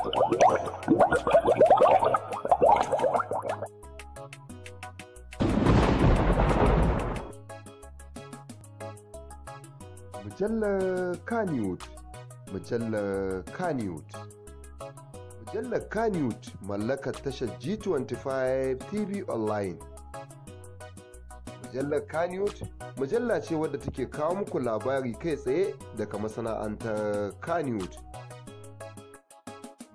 Mujallar Kannywood Mujallar Kannywood Mujallar Kannywood mallakar tashar G25 TV Online Mujallar Kannywood mujalla ce wadda take kawo muku labari kai tsaye daga masana'antar Kannywood.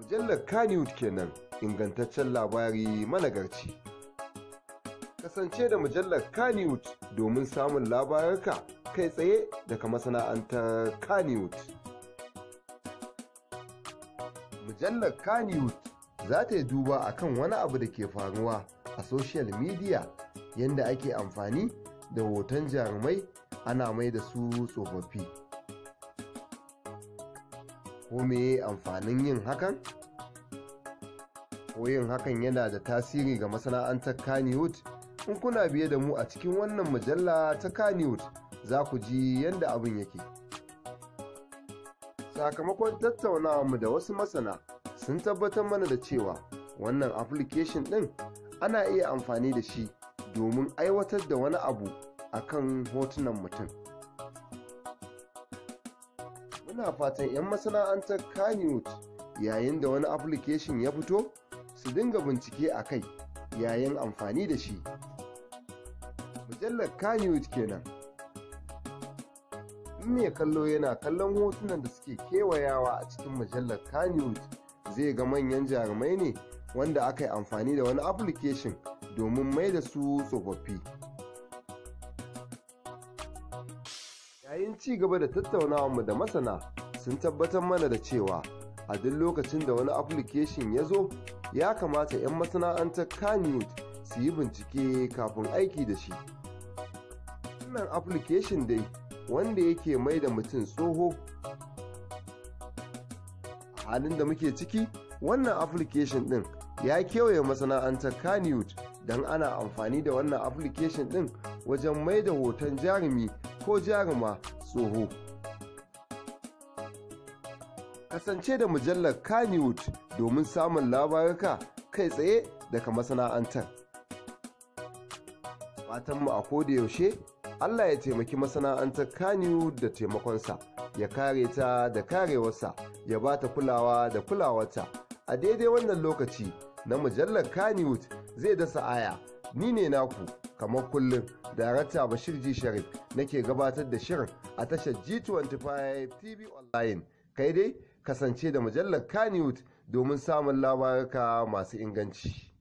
mujallar Kannywood kenan ingantaccen labari managarci. Kasance da mujallar kaniwood domin samun labararka kai tsaye daga masana'antar kaniwood Mujallar kaniwood za ta yi duba akan wani abu da ke faruwa a social media yadda ake amfani da hoton jarumai ana mai da su tsofaffi. ko meye amfanin yin hakan ko yin hakan yana da tasiri ga masana'antar kannywood in kuna biye da mu a cikin wannan mujalla ta kannywood za ku ji yadda abin yake sakamakon tattaunawa mu da wasu masana sun tabbatar mana da cewa wannan application ɗin ana iya amfani da shi domin aiwatar da wani abu akan hotunan mutum. ina fatan 'yan masana'antar kannywood yayin da wani application ya fito su dinga bincike a kai yayin amfani da shi mujallar kannywood kenan in mai kallo yana kallon hotunan da suke kewayawa a cikin mujallar kannywood zai ga manyan jarumai ne wanda aka yi amfani da wani application domin mai da su tsofaffi Yayin ci gaba da tattaunawarmu da masana sun tabbatar mana da cewa a duk lokacin da wani application ya zo ya kamata 'yan masana'antar kanyut su yi bincike kafin aiki da shi. Wannan application dai wanda yake mai da mutum tsoho halin da muke ciki wannan application ɗin ya kewaye masana'antar Kannywood don ana amfani da wannan application ɗin wajen mai da hoton jarumi ko jaruma tsoho. Kasance da mujallar Kannywood domin samun labaruka kai tsaye daga masana'antar. Fatanmu a yaushe Allah ya taimaki masana'antar Kannywood da taimakonsa, ya kare ta da karewarsa, ya ba ta kulawa da kulawarta. a daidai wannan lokaci na mujallar Kannywood zai dasa aya. Ni ne naku, kamar kullum, Darakta Bashir G. Sharif nake gabatar da shirin a tashar G25 TV Online. Kai dai kasance da mujallar Kannywood domin samun labaruka masu inganci.